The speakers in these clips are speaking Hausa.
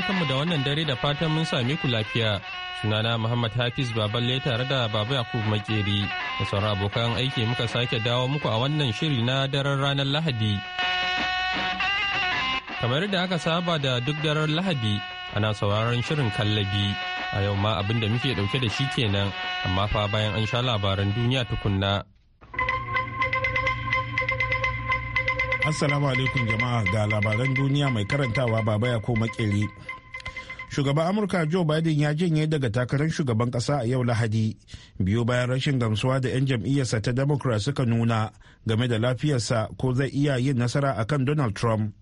barkanmu da wannan dare da fatan mun sami ku lafiya. Sunana Muhammad Hafiz Baballe tare da Baba Yakubu Makeri. Da sauran abokan aiki muka sake dawo muku a wannan shiri na daren ranar Lahadi. Kamar da aka saba da duk daren Lahadi ana sauraron shirin kallabi. A yau ma abin da muke dauke da shi kenan, amma fa bayan an sha labaran duniya tukunna. Assalamu alaikum jama'a ga labaran duniya mai karantawa baba ya ko makeri. Shugaban Amurka Joe Biden ya janye daga takarar shugaban kasa a yau Lahadi, biyu bayan rashin gamsuwa da 'yan jam'iyyarsa ta Democrat suka nuna game da lafiyarsa ko zai iya yin nasara akan Donald Trump.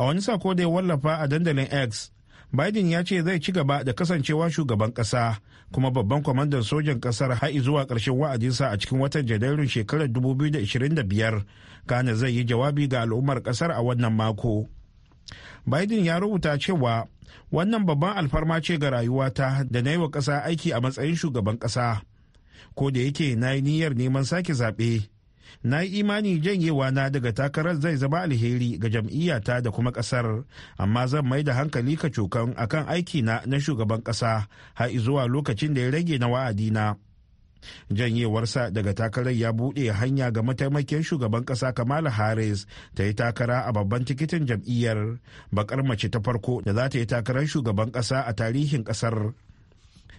A wani sako da ya wallafa a dandalin X, Biden ya ce zai ci gaba da kasancewa shugaban ƙasa kuma babban kwamandan sojan ƙasar har zuwa ƙarshen wa'adinsa a cikin watan Janairun shekarar 2025 gane zai yi jawabi ga al'ummar ƙasar a wannan mako. Biden ya rubuta cewa wannan babban alfarma ce ga rayuwata da na yi wa ƙasa aiki a matsayin shugaban ƙasa. Ko da yake na yi niyyar neman sake zaɓe. na yi imani janyewa na daga takarar zai zama alheri ga jam'iyyata da kuma kasar amma zan mai da hankali ka cokan akan aiki na na shugaban kasa har zuwa lokacin da ya rage na wa'adi wa'adina janyewarsa daga takarar ya buɗe hanya ga mataimakiyar shugaban ƙasa kamala harris ta yi takara a babban tikitin jam'iyyar bakar mace ta farko da za ta yi takarar shugaban ƙasa a tarihin ƙasar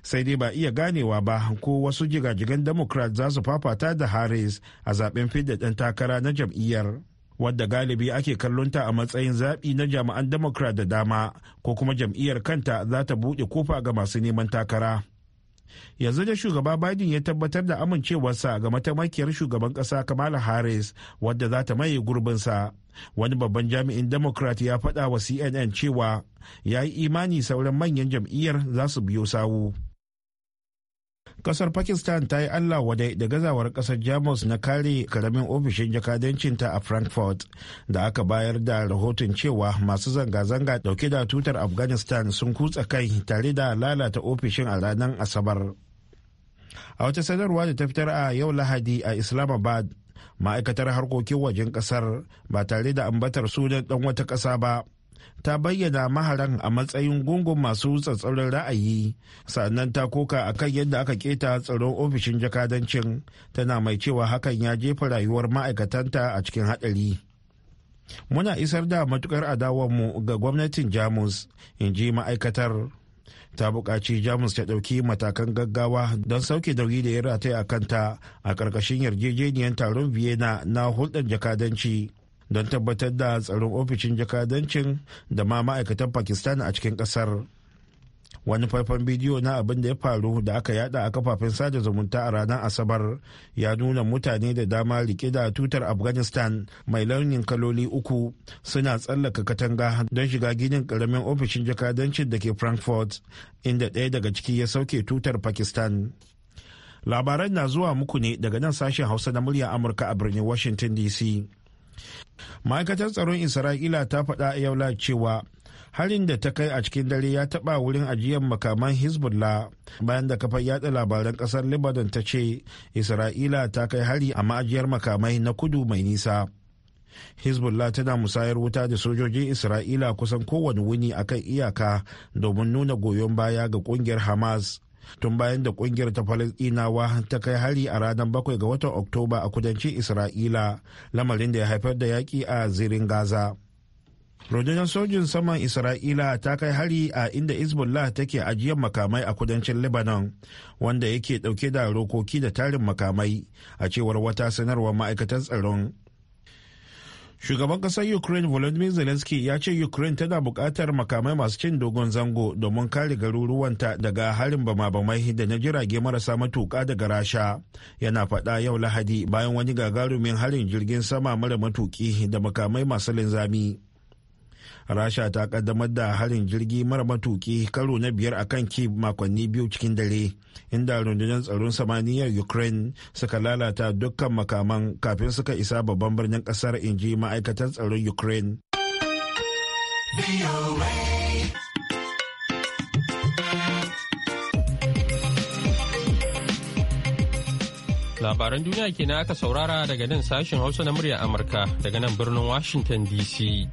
sai dai ba iya ganewa ba ko wasu jigajigan democrat za su fafata da harris a zaben fidda takara na jam'iyyar wadda galibi ake kallonta a matsayin zaɓi na jami'an democrat da dama ko kuma jam'iyyar kanta za ta buɗe kofa ga masu neman takara yanzu da shugaba biden ya tabbatar da amincewarsa ga matamakiyar shugaban ƙasa kamala harris wadda za ta maye gurbinsa wani babban jami'in democrat ya faɗa wa cnn cewa ya yi imani sauran manyan jam'iyyar za su biyo sawu kasar pakistan ta yi allah wadai da gazawar kasar jamus na kare karamin ofishin jakadancinta a frankfurt da aka bayar da rahoton cewa masu zanga-zanga dauke da tutar afghanistan sun kutsa kai tare da lalata ofishin a ranar asabar a wata sanarwa da ta fitar a yau lahadi a islamabad ma'aikatar harkokin wajen kasar ba tare da ambatar sunan dan wata ƙasa ba ta bayyana maharan a matsayin gungun masu tsatsauran ra'ayi sannan ta koka kan yadda aka keta tsaron ofishin jakadancin tana mai cewa hakan ya jefa rayuwar ma'aikatanta a cikin haɗari. muna isar da matukar mu ga gwamnatin jamus in ji ma'aikatar ta buƙaci jamus ta ɗauki matakan gaggawa don sauke dauri da ya rataya a kanta a ƙarƙashin yarjejeniyar taron vienna na hulɗar jakadanci don tabbatar da tsaron ofishin jakadancin da ma ma'aikatan pakistan a cikin kasar wani faifan bidiyo na abin da ya faru da aka yada a kafafen sada zumunta a ranar asabar ya nuna mutane da dama rike da tutar afghanistan mai launin kaloli uku suna tsallaka katanga don shiga ginin karamin ofishin jakadancin da ke frankfurt inda ɗaya daga ciki ya sauke tutar pakistan labaran na zuwa muku ne daga nan sashen hausa na murya amurka a birnin washington dc ma'aikatar tsaron isra'ila ta faɗa a yau cewa harin da ta kai a cikin dare ya taɓa wurin ajiyar makaman hezbollah bayan da kafar yada labaran ƙasar lebanon ta ce isra'ila ta kai hari a ma'ajiyar makamai na kudu mai nisa hezbollah tana musayar wuta da sojojin isra'ila kusan kowane wuni akan iyaka domin nuna goyon baya ga kungiyar hamas tun bayan da kungiyar ta falasɗinawa ta kai hari a ranar bakwai ga watan oktoba a kudancin isra'ila lamarin da ya haifar da yaƙi a zirin gaza rundunar sojin saman isra'ila ta kai hari a inda hezbollah take ajiyar makamai a kudancin lebanon wanda yake dauke da rokoki da tarin makamai a cewar wata sanarwar ma'aikatan tsaron Shugaban ƙasar Ukraine Volodymyr Zelensky ya ce Ukraine tana buƙatar makamai masu cin dogon zango domin kare garuruwanta daga harin bama-bamai da na jirage marasa matuƙa daga Rasha. Yana faɗa yau Lahadi bayan wani gagarumin harin jirgin sama mara matuƙi da makamai masu linzami. rasha ta kaddamar da harin jirgi mara matuki karo na biyar a kan kiev makonni biyu cikin dare inda rundunar tsaron samaniyar ukraine suka lalata dukkan makaman kafin suka isa babban birnin kasar inji ma'aikatar tsaron ukraine labaran duniya kenan aka saurara daga nan sashen hausa na murya amurka daga nan birnin washington dc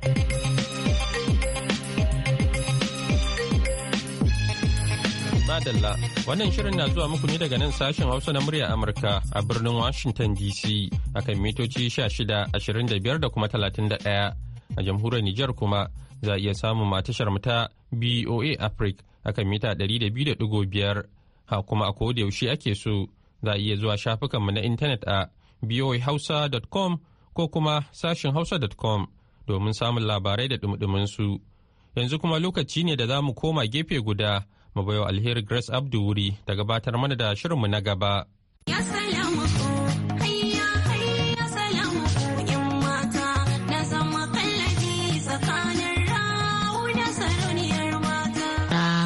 madalla wannan shirin na zuwa muku ne daga nan sashen hausa na murya amurka a birnin washington dc akan mitoci 16 da kuma 31 a jamhuriyar nijar kuma za a iya samun matashar ta boa africa akan mita 200.5 ha kuma a koda yaushe ake so za iya zuwa shafukanmu na intanet a boahausa.com ko kuma sashen hausa.com domin samun labarai da dumudumin su yanzu kuma lokaci ne da za mu koma gefe guda mu alheri grace abdu wuri ta gabatar mana da shirinmu na gaba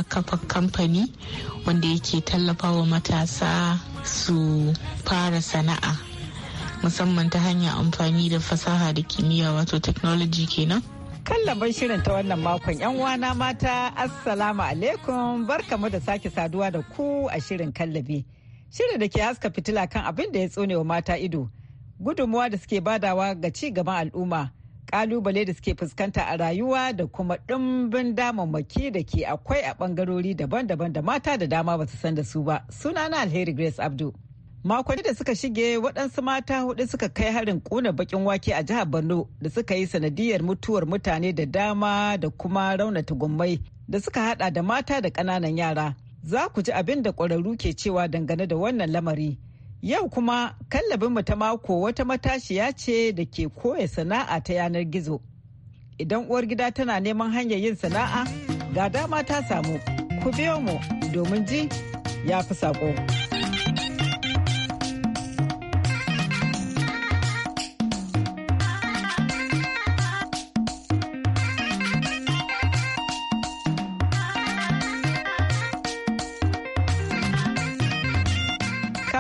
kafa kamfani wanda yake tallafawa matasa su fara sana'a musamman ta hanyar amfani da fasaha da kimiyya wato technology kenan kallaban shirin ta wannan makon yan wana mata assalamu alaikum barkamu da sake saduwa da ku a shirin kallabi shirin da ke haska fitila kan abin da ya tsone wa mata ido gudunmuwa da suke badawa ga ci gaban al'umma kalubale da suke fuskanta a rayuwa da kuma ɗimbin damammaki da ke akwai a bangarori daban-daban da mata da dama ba su san da su ba sunana alheri grace abdu makonni da suka shige waɗansu mata hudu suka kai harin kuna bakin wake a jihar borno da suka yi sanadiyar mutuwar mutane da dama da kuma raunata gummai da suka hada da mata da ƙananan yara za ku ji abin da ƙwararru ke cewa dangane da wannan lamari yau kuma kallabinmu ta mako wata matashiya ce da ke koya sana'a ta yanar gizo idan uwar gida tana neman hanyar yin sana'a ga dama ta samu ku biyo mu domin ji ya fi sako.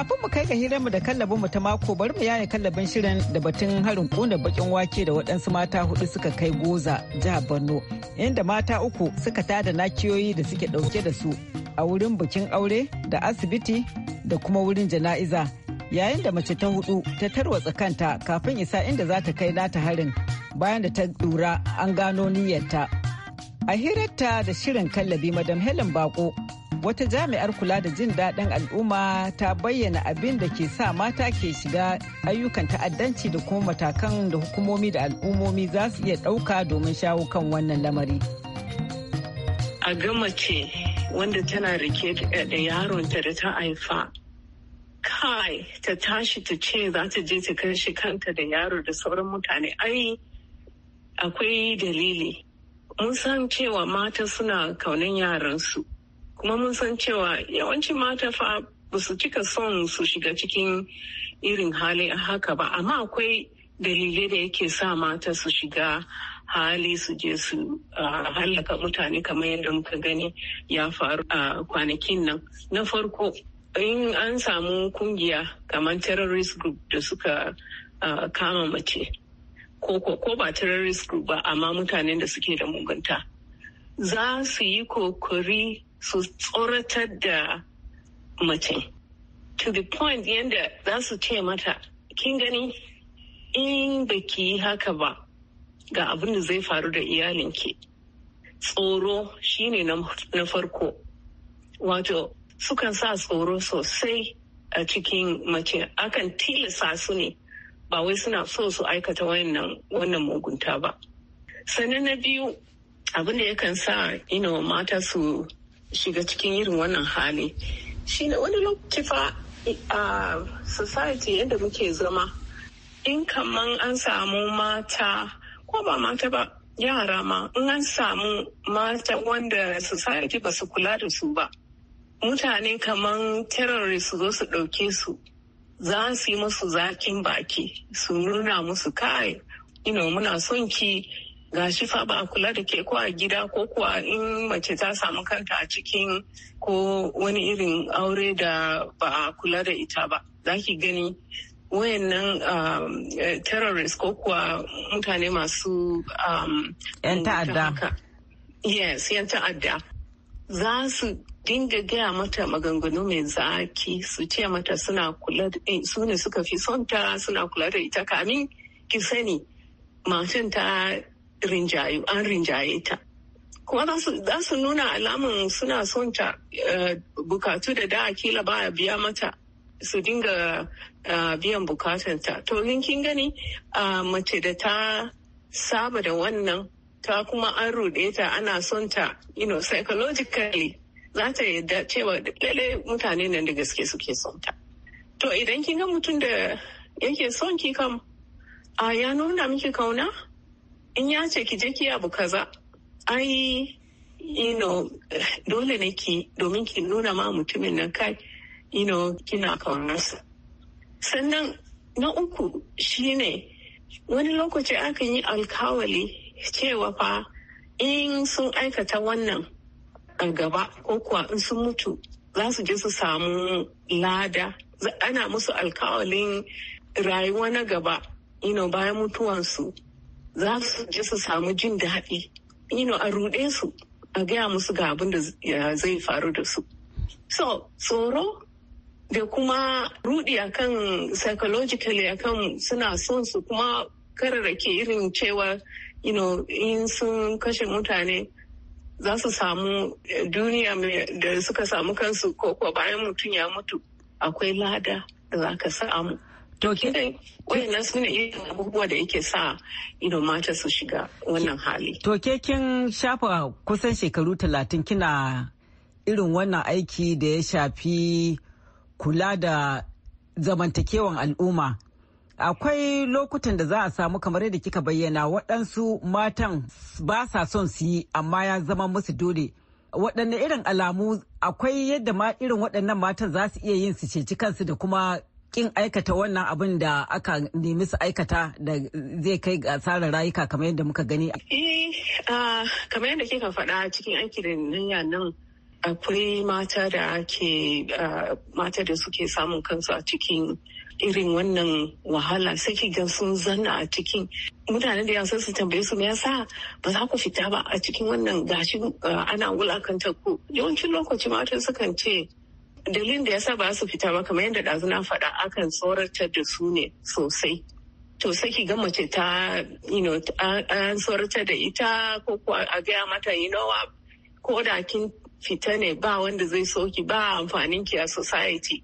Kafin mu kai ga mu da kallabin mu ta mako bari mu yaya kallabin shirin da batun harin kona bakin wake da waɗansu mata hudu suka kai goza jihar Borno inda mata uku suka tada nakiyoyi da suke ɗauke da su a wurin bikin aure da asibiti da kuma wurin jana'iza yayin da mace ta hudu ta tarwatsa kanta kafin isa inda za ta kai nata harin bayan da ta lura an gano niyyarta. A hirarta da shirin kallabi Madam Helen Bako wata jami'ar kula da jin daɗin al'umma ta bayyana abin da ke sa mata ke shiga ayyukan ta'addanci da kuma matakan da hukumomi da al'umomi za su iya ɗauka domin shawo kan wannan lamari. A gama ce wanda tana rike da ta da ta haifa, kai ta tashi ta ce za ta je ta kai shi kanta da yaro da sauran mutane ai akwai dalili. Mun san cewa mata suna kaunin yaransu. kuma mun san cewa yawanci mata fa ba su cika son su shiga cikin irin hali haka ba amma akwai dalilai da yake sa mata su shiga hali su je su hallaka mutane kamar yadda muka gani ya faru a kwanakin nan na farko in an samu kungiya kamar terrorist group da suka kama mace ko ko ba terrorist group ba amma mutanen da suke da mugunta za su yi kokari su tsoratar da mace. to the point yadda za su ce mata kin gani in baki yi haka ba ga abin da zai faru da iyalinki tsoro shi ne na farko wato sukan sa tsoro sosai a cikin mace akan tilasa su ne ba wai suna so su aikata wannan mugunta ba sannan na biyu abin da yakan sa ino mata su shiga cikin irin wannan hali shi ne wani lokaci fa a society yadda muke zama in kaman an samu mata ko ba mata ba yara ma in an samu mata wanda society ba su kula da su ba mutane kaman terrorist su zo su ɗauke su za su yi musu zakin baki su nuna musu kai ino muna son ki ga shi fa ba a kula da ke ko a gida ko kuwa in mace ta samu kanta a cikin ko wani irin aure da ba a kula da ita ba za ki gani wayannan nan um, eh, terrorist ko kuwa mutane masu um, yan ta'adda yes yan ta'adda za su dinga gaya mata maganganu mai zaki su ce mata suna kula da eh, su ne suka fi ta suna kula da ita kamin ki sani matan ta rinjayu an rinjaye ta kuma za su nuna alaman suna son ta eh, bukatu da da kila ba biya mata su dinga eh, biyan bukatanta to kin gani eh, mace da ta saba da wannan ta kuma an ruɗe ta ana son ta you know psychologically za ta yadda cewa lele mutane nan da gaske suke son ta to idan kin ga mutum da yake son ki kam a ya nuna miki kauna in ya ce ki je ki abu kaza ai you know dole ne ki domin ki nuna ma mutumin nan kai you know kina kaunarsa sannan na uku shine wani lokaci aka yi alkawali cewa fa in sun aikata wannan a gaba ko kuwa in sun mutu za su je su samu lada ana musu alkawalin rayuwa na gaba ino bayan mutuwansu za su ji su samu jin daɗi Yino a ruɗe su a gaya musu ga abin da zai faru da su so tsoro da kuma ruɗi akan psychologically akan suna son su kuma kararrake irin cewa you in sun kashe mutane za su samu eh, duniya da suka samu kansu ko bayan mutum ya mutu akwai lada da za ka samu To kin eh, su abubuwa da yake sa ido mata su shiga wannan hali. To ke kin shafa kusan shekaru talatin kina irin wannan aiki da ya shafi kula da zamantakewan al'umma. Akwai lokutan da za a samu kamar yadda kika bayyana waɗansu matan ba sa son su yi amma ya zama musu dole. waɗanne irin alamu akwai yadda ma irin waɗannan matan za su iya yin su ceci kansu da kuma kin aikata wannan abin da aka nemi su aikata da zai kai ga tsarin rayuka kamar yadda muka gani? Eh, kamar yadda kika faɗa cikin aiki da niyya nan akwai mata da ke mata da suke samun kansu a cikin irin wannan wahala sai ga sun zanna a cikin mutane da yasa su tambaye su ya yasa ba za ku fita ba a cikin wannan gashi ana wulakanta ku yawancin lokaci matan sukan ce dalilin da ya sa ba su fita ba kamar yadda ɗazu na faɗa akan tsorata da su ne sosai to sai ki ga mace ta you an tsoratar da ita ko a gaya mata yi nawa ko da kin fita ne ba wanda zai so ki ba amfanin ki a society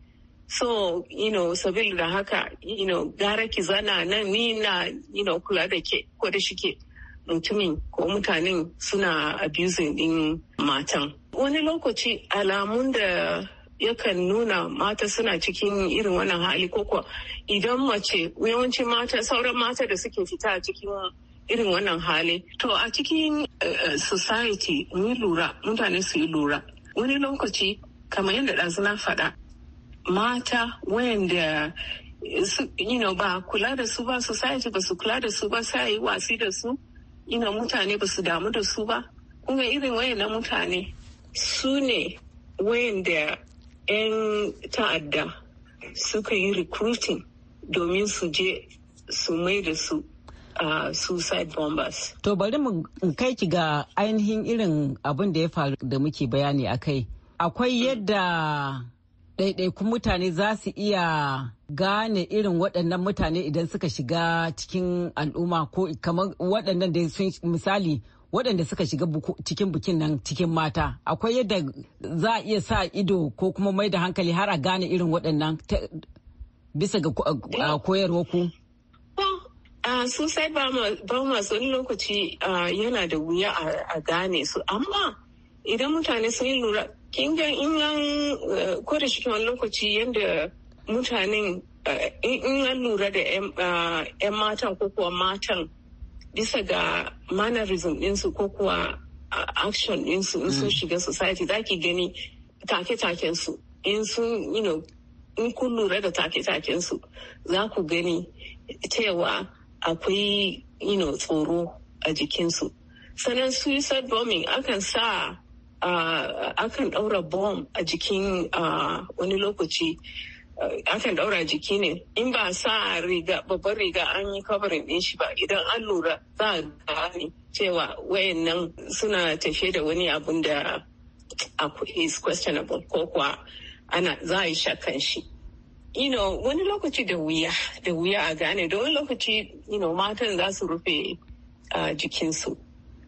so you know sabil da haka you know gara ki zana nan ni na you know kula da ke ko da shike mutumin ko mutanen suna abusing din matan wani lokaci alamun da yakan nuna mata suna cikin irin wannan hali koko idan mace yawanci mata sauran mata da suke fita a cikin irin wannan hali to a cikin eh, eh, society mun lura mutane su yi lura wani lokaci kamar yadda ɗazu na faɗa mata wayanda su, you know, ba kula da su ba society ba su kula da su ba sai yi wasi da su you mutane ba su damu da su ba kuma irin wayannan mutane su ne wayanda 'yan ta'adda suka yi recruiting domin su je su mai da su suicide bombers. To bari mu kai ki ga ainihin irin abin da ya faru da muke bayani a kai. Akwai yadda ɗaiɗaikun mutane za su iya gane irin waɗannan mutane idan suka shiga cikin al'umma ko kamar waɗannan da sun misali waɗanda suka shiga cikin bikin nan cikin mata akwai yadda za a iya sa ido ko kuma mai da hankali har a gane irin waɗannan bisa ga koyarwa ku? sosai ba masu lokaci yana da wuya a gane su amma idan mutane sun yi lura kin ga in an eh, ko da shi wani lokaci yadda mutanen eh, in an lura da 'yan matan ko kuwa matan bisa ga mannerism ɗinsu ko kuwa action ɗinsu in sun mm. shiga society za ki gani take takensu su in sun you know in kun lura da take takensu za ku gani cewa akwai you know tsoro a jikinsu sannan suicide bombing akan sa a akan ɗaura bomb a jikin wani lokaci akan daura jiki ne in ba sa riga babban riga an yi kabarin din shi ba idan an lura za a gane cewa nan suna tafiye da wani abun da is questionable ko kuwa ana za a yi shakan shi you know wani lokaci da wuya da wuya a gane da wani lokaci you know matan za su rufe jikinsu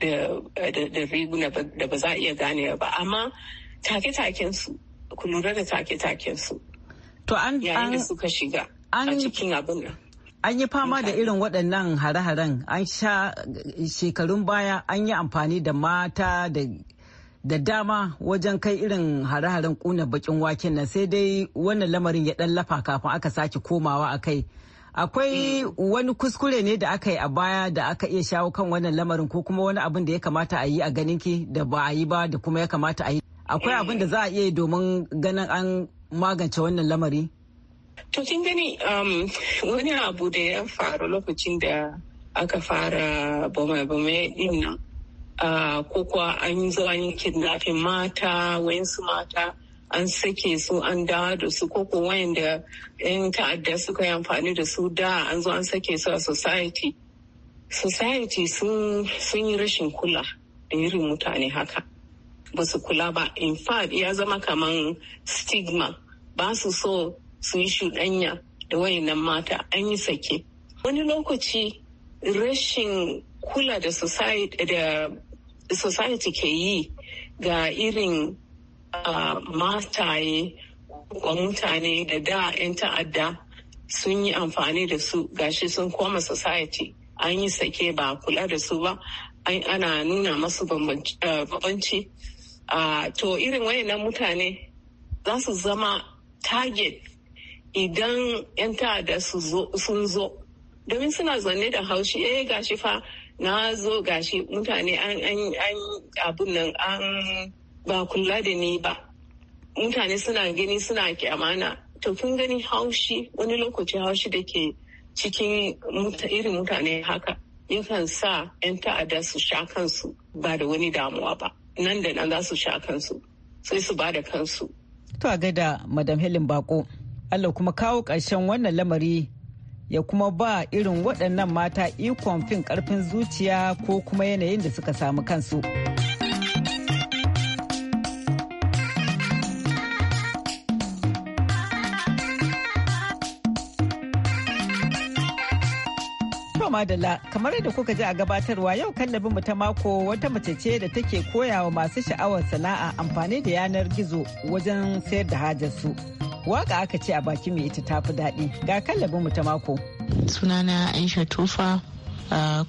da riguna da ba za a iya ganewa ba amma take-taken su ku lura da take-taken su To an yayin suka shiga a cikin abin An yi fama da irin waɗannan hare-haren an sha shekarun baya an yi amfani da mata da da dama wajen kai irin hare-haren kuna bakin waken nan sai dai wannan lamarin ya dan lafa kafin aka sake komawa a kai akwai mm. wani kuskure ne da aka yi a baya da aka iya shawo kan wannan lamarin ko kuma wani abin da ya kamata a yi a ganinki da ba a yi ba da kuma ya kamata a yi akwai eh. abin da za a iya yi domin ganin an magance wannan lamari? To kin gani um, wani abu da ya faru lokacin da aka fara bama-bama din nan ko kuwa an zo an yi kidnapping mata wayansu mata an sake su an dawo da su ko ko wayanda yan ta'adda suka yi amfani da su da an zo an sake su a society society sun yi rashin kula da irin mutane haka ba su kula ba in fact ya zama kaman stigma ba su so su yi shuɗanya da wayannan mata an yi sake wani lokaci rashin kula da society ke yi ga irin mataye wa mutane da da 'yan ta'adda sun yi amfani da su gashi sun koma society an yi sake ba kula da su ba ana nuna masu bambanci to irin wayannan mutane za su zama target idan 'yan ta'adda sun zo domin suna zanne da haushi eh gashi fa na zo gashi mutane an abun nan an ba kula da ni ba mutane suna gani suna kyamana to kun gani haushi wani lokaci haushi da ke cikin irin mutane haka yakan sa 'yan ta'adda su sha kansu ba da wani damuwa ba nan da nan za su sha kansu sai su ba da kansu To a gaida Madam Helen Bako. Allah kuma kawo ƙarshen wannan lamari ya kuma ba irin waɗannan mata ikon fin ƙarfin zuciya ko kuma yanayin da suka samu kansu. madalla kamar yadda kuka ji a gabatarwa yau kallabin mu ta mako wata mace ce da take koyawa masu sha'awar sana'a amfani da yanar gizo wajen sayar da hajarsu. Waka aka ce a baki mai ita tafi daɗi ga kallabin mu ta mako. Sunana Aisha Tufa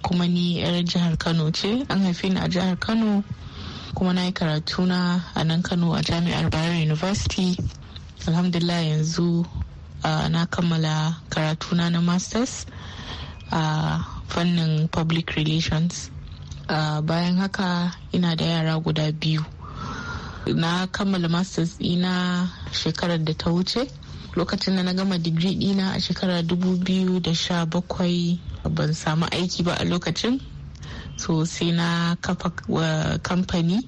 kuma ni 'yar jihar Kano ce an haifi ni a jihar Kano kuma na yi karatu na a nan Kano a jami'ar Bayero University. Alhamdulillah yanzu na kammala karatuna na masters. a fannin public relations a bayan haka ina da yara guda biyu na kammala masters ɗina shekarar da ta wuce lokacin da na gama digiri ɗina a shekarar 2017 ban samu aiki ba a lokacin so sai na kafa kamfani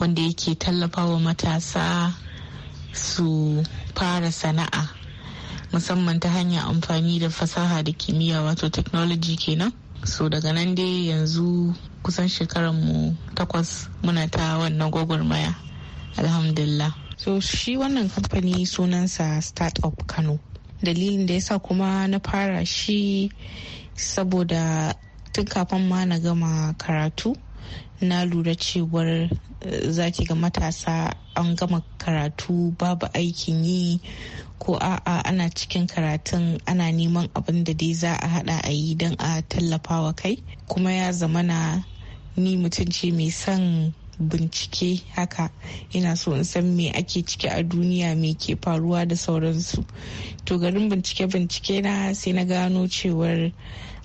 wanda yake tallafawa matasa su fara sana'a musamman ta hanyar amfani da fasaha da kimiyya wato technology kenan so daga nan dai yanzu kusan mu takwas muna ta wannan gwagwarmaya alhamdulillah so shi wannan kamfani sunansa startup kano dalilin da ya sa kuma na fara shi saboda tun kafin ma na gama karatu na lura cewar eh, zaki ga matasa an gama karatu babu aikin yi ko a'a ana cikin karatun ana neman abin da dai za a hada a yi don a tallafa wa kai kuma ya zamana ni mutum ce mai son bincike haka ina so in san me ake ciki a duniya me ke faruwa da sauransu to garin bincike-bincike na sai na gano cewar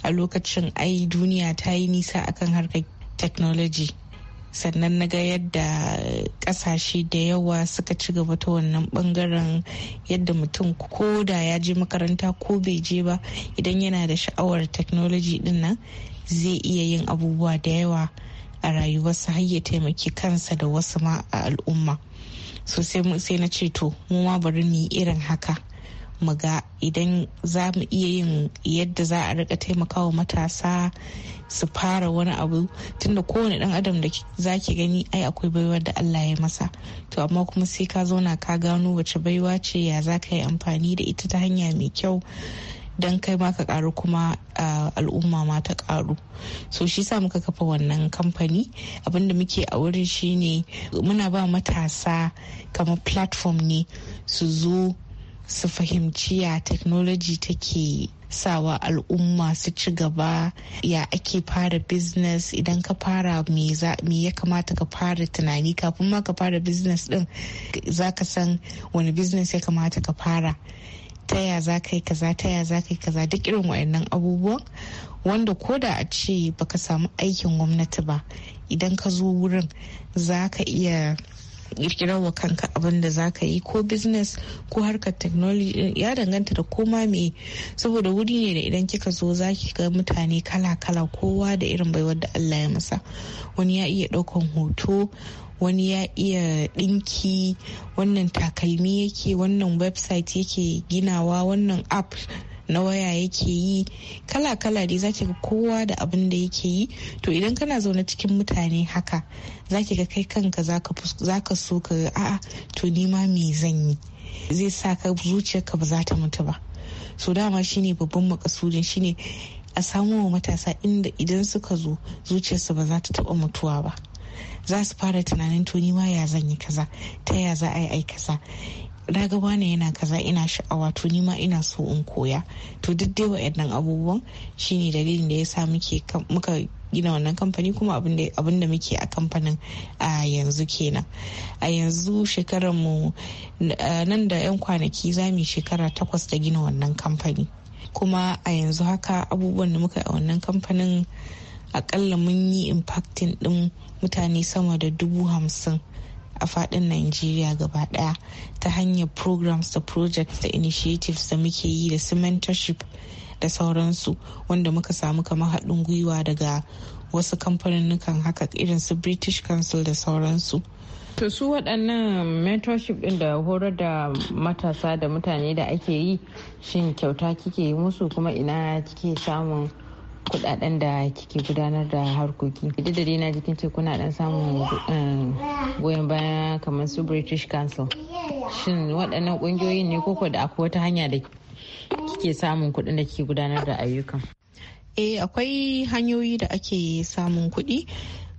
a lokacin ai duniya ta yi nisa akan harkar technology sannan na ga yadda kasashe da yawa suka ci gaba ta wannan bangaren yadda mutum ko da ya je makaranta ko bai je ba idan yana da sha'awar technology din nan zai iya yin abubuwa da yawa a rayuwarsa har ya taimaki kansa da wasu ma a al'umma sosai sai na ce to mu ma bari mu yi irin haka mu ga idan za mu iya yin yadda za a rika taimakawa matasa su fara wani abu tunda kowane dan adam da za ki gani ai akwai baiwar da Allah ya masa to amma kuma sai ka zauna ka gano wace baiwa ce ya za ka yi amfani da ita ta hanya mai kyau don kai ma ka karu kuma al'umma ma ta karu so shi sa muka kafa wannan kamfani abinda muke a wurin shine muna ba matasa kamar platform ne su zo su fahimci ya technology take sawa al'umma su ci gaba ya ake fara business idan ka fara me ya kamata ka fara tunani kafin ma ka fara business din za ka san wani business ya kamata ka fara taya za ka yi kaza taya za ka yi kaza duk irin waɗannan abubuwan wanda ko da a ce baka samu aikin gwamnati ba idan ka zo wurin za ka iya kirkirar wa kanka abin da za ka yi ko business ko harkar technology ya danganta da koma me saboda wuri ne da idan kika zo za ki ga mutane kala-kala kowa da irin bai da Allah ya masa wani ya iya ɗaukan hoto wani ya iya ɗinki wannan takalmi yake wannan website yake ginawa wannan app na waya yake yi kala-kala dai zaki ga kowa da abin da yake yi to idan kana zaune cikin mutane haka zaki ga kai kanka zaka so ka ga a'a to nima me zan yi zai sa ka zuciyarka ba za ta mutu ba so dama shine babban makasudin shine a samu wa matasa inda idan suka zo zuciyarsu ba za ta taba mutuwa ba za su fara tunanin to ma ya zan yi kaza ta ya za a yi aikasa kaza na ga wane yana kaza ina sha'awa to ni ma ina so in koya to duk dai wa'annan abubuwan shine dalilin da ya sa muke muka gina wannan kamfani kuma abin da muke a kamfanin a yanzu kenan a yanzu shekarar mu nan da 'yan kwanaki za mu shekara takwas da gina wannan kamfani kuma a yanzu haka abubuwan da muka a wannan kamfanin akalla mun yi impacting din mutane sama da dubu hamsin a fadin Najeriya gaba ɗaya ta hanyar programs da projects da initiatives da muke yi da su mentorship da sauransu wanda muka samu kamar haɗin gwiwa daga wasu kamfanin haka irin su British Council da sauransu. To su waɗannan mentorship ɗin da horar da matasa da mutane da ake yi shin kyauta kike yi musu kuma ina kike samun kudaden da kike gudanar da harkoki duk da na jikin ce kuna dan samun eh, goyon baya kamar su british council shin waɗannan ƙungiyoyin ne koko da akwai wata hanya da kike samun kuɗin da kike gudanar da ayyukan eh akwai hanyoyi da ake samun kuɗi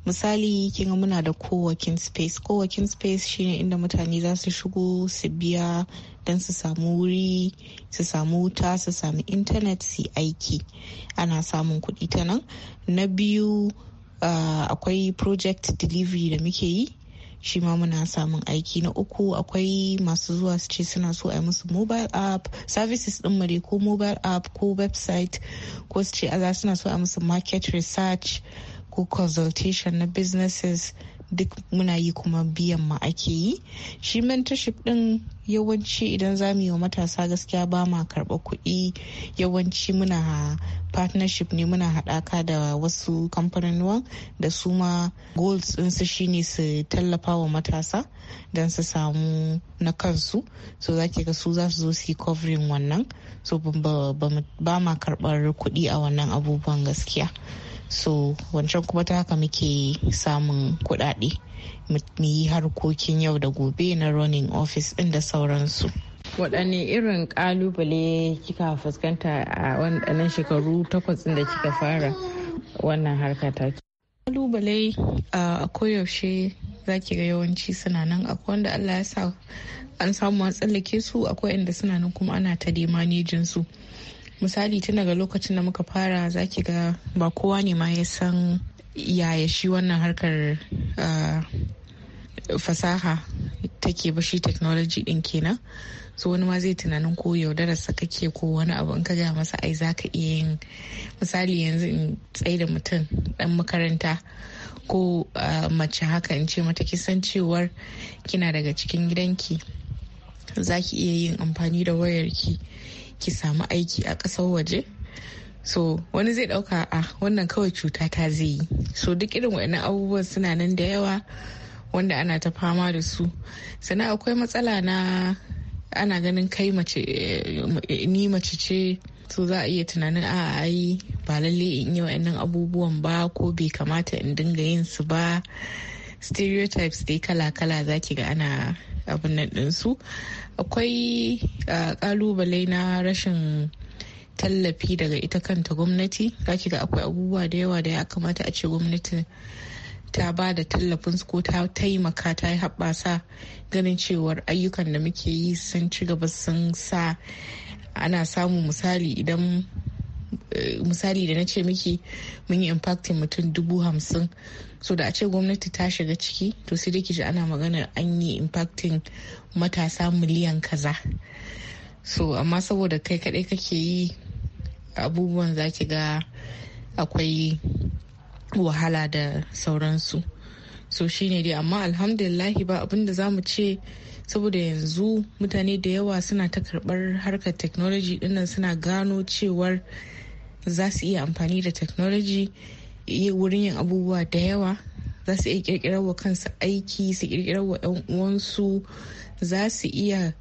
misali kin muna da co-working space co-working space shine inda mutane za su shigo su biya Dan su samu wuri su samu wuta su samu intanet su aiki ana samun kuɗi ta nan na biyu ah, akwai project delivery da muke yi shi ma muna samun aiki na uku akwai masu zuwa su ce suna so a yi musu mobile app services din mu ko mobile app ko website ko su ce a za suna so a musu market research ko consultation na businesses duk muna yi kuma biyan ma ake yi shi mentorship din yawanci idan za mu yi wa matasa gaskiya ba ma karɓa kuɗi yawanci muna partnership ne muna haɗaka da wasu kamfanonuwan da su ma goals shine su tallafa wa matasa don su samu na kansu so za ga su za su zo su yi covering wannan so ba ma karɓar kuɗi a wannan abubuwan gaskiya so wancan kuma ta haka muke samun kuɗaɗe mu yi harkokin yau da gobe na running office ɗin da sauransu waɗanne irin kalubale kika fuskanta a waɗannan shekaru takwas da kika fara wannan harka ta ƙalubale a koyaushe za ki ga yawanci suna nan akwai wanda allah ya sa an samu a tsallake su akwai inda suna nan kuma ana ta manejin su misali tun daga lokacin da muka fara zaki ga ba kowa ne ma ya san yaya shi wannan harkar ah, fasaha take ba shi technology din kenan so wani ma zai tunanin ko yaudararsa kake ko wani abu in ka gaya masa ai za ka iya yin misali yanzu in tsaye da mutum dan makaranta ko ah, mace haka in ce mata kisan cewar kina daga cikin gidanki za ki iya yin amfani da wayarki ki samu aiki a ƙasar waje so wani zai ɗauka a ah, wannan kawai cuta ta zai yi so duk irin waɗannan abubuwan suna nan da yawa wanda ana ta fama da su sannan akwai matsala na ana ganin kai mace eh, ni mace ce so za a iya tunanin a ah, ai ba lalle in yi wa'annan abubuwan ba ko bai kamata in dinga yin su ba stereotypes dai kala-kala za ki ga ana abin nan ɗinsu akwai ƙalubale na rashin tallafi daga ita kanta gwamnati zaki ga akwai abubuwa da yawa da ya kamata a ce gwamnati ta ba da tallafin su ko ta taimaka ta yi haɓasa ganin cewar ayyukan da muke yi sun ci gaba sun sa ana samu misali idan eh, misali da na ce miki mun yi impactin mutum dubu hamsin so da a ce gwamnati ta shiga ciki to sai da ji ana maganar an yi impacting matasa miliyan kaza so amma saboda kai kaɗai kake yi abubuwan za ki ga akwai wahala da sauransu so shine dai amma alhamdulillahi ba abinda za mu ce saboda yanzu mutane da yawa suna ta karbar harkar technology dinnan suna gano cewar za su iya amfani da technology iya wurin yin abubuwa da yawa za su iya kirkirar wa kansu aiki su kirkirar wa yan uwansu za su iya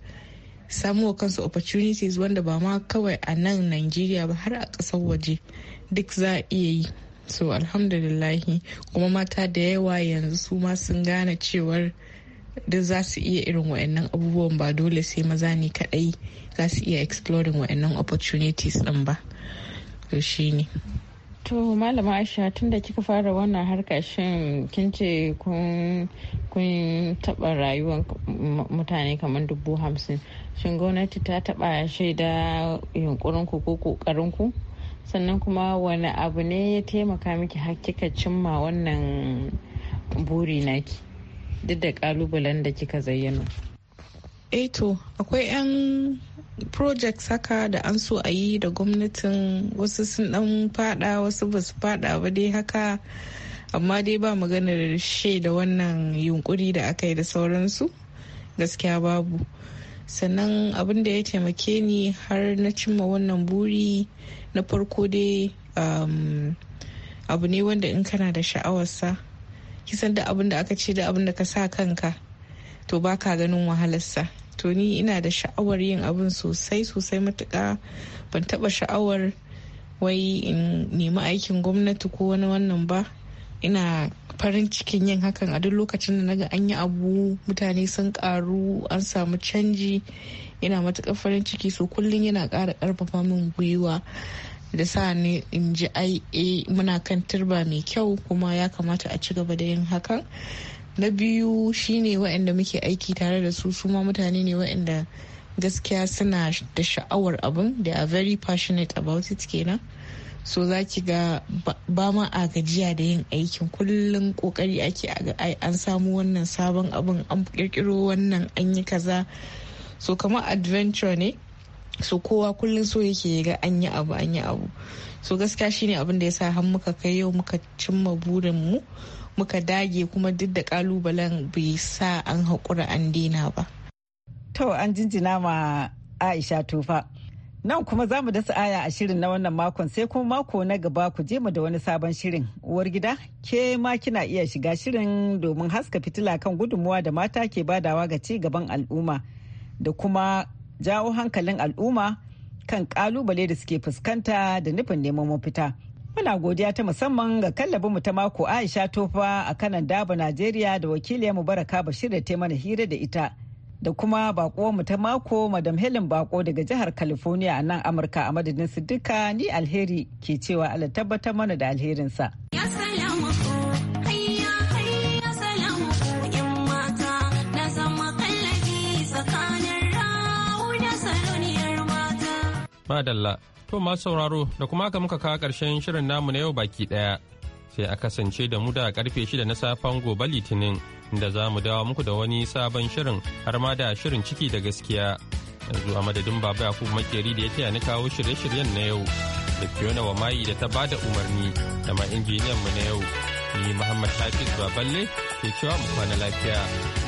samu wa kansu opportunities wanda ba ma kawai a nan nigeria ba har a ƙasar waje duk za a iya yi so alhamdulillahi kuma mata da yawa yanzu su ma sun gane cewar duk za su iya irin wa'annan abubuwan ba dole sai maza ne kadai za su iya exploring wa'annan opportunities ɗin ba to shine To Malama Aisha tun da kika fara wannan harka shin kin ce kun kun taɓa rayuwar mutane kamar dubu hamsin shin gwamnati ta taɓa shaida yunkurinku ko ƙoƙarinku sannan kuma wani abu ne ya taimaka miki hakika cimma wannan buri naki duk da ƙalubalen da kika zayyano. eh to akwai 'yan projects haka da an so a yi da gwamnatin wasu sun dan fada wasu ba su fada ba dai haka amma dai ba maganar she da wannan yunkuri da aka yi da sauransu gaskiya babu sannan abin da ya taimake ni har na cimma wannan buri na farko dai um, abu ne wanda in kana da sha'awarsa kisan da abin da aka ce da abin da ka sa kanka to ba ka ganin wahalarsa to ni ina da sha'awar yin abin sosai sosai matuƙa ban taɓa sha'awar wai in nemi aikin gwamnati ko wani wannan ba ina farin cikin yin hakan a duk lokacin da naga an yi abu mutane sun karu an samu canji ina matuƙar farin ciki so kullum yana ƙara ƙarfafa min gwiwa da sa ne in ji ai eh, muna kan turba mai kyau kuma ya kamata a ci gaba da yin hakan na biyu shine waɗanda muke aiki tare da su suma mutane ne waɗanda gaskiya suna da sha'awar abin they are very passionate about it kenan so za ki ga ba ma a gajiya da yin aikin kullum kokari ake an samu wannan sabon abin an kirkiro wannan an yi kaza so kamar adventure ne so kowa kullum so yake ga an yi abu an yi abu so gaskiya shine abin da ya sa har muka kai yau muka cimma burin mu muka dage kuma duk da kalubalen bai sa an haƙura an dina ba. To an jinjina ma Aisha Tufa. Nan kuma za mu dasa aya a shirin na wannan makon sai kuma mako na gaba ku je mu da wani sabon shirin. Uwar gida, ke ma kina iya shiga shirin domin haska fitila kan gudunmuwa da mata ke badawa ga ci gaban al'umma da kuma jawo hankalin al'umma kan kalubale da suke fuskanta da nufin neman mafita. Muna godiya ta musamman ga kallabin mu ta mako Aisha Tofa a kanan Daba Najeriya da wakiliyar mu Baraka Bashir da ta mana hira da ita. Da kuma bakuwar ta mako Madam Helen Bako daga jihar California a nan Amurka a madadin su duka ni alheri ke cewa Allah tabbatar mana da alherinsa. Madalla To masu sauraro da kuma ka muka kawo ƙarshen shirin namu na yau baki ɗaya. Sai a kasance da mu da karfe shida na safen gobe litinin da za mu dawo muku da wani sabon shirin har ma da shirin ciki da gaskiya. Yanzu a madadin Baba Yakubu Makeri da ya taya ni kawo shirye-shiryen na yau da Fiona mayi da ta ba da umarni da ma injiniyan mu na yau. Ni Muhammad Hafiz Baballe ke cewa mu kwana lafiya.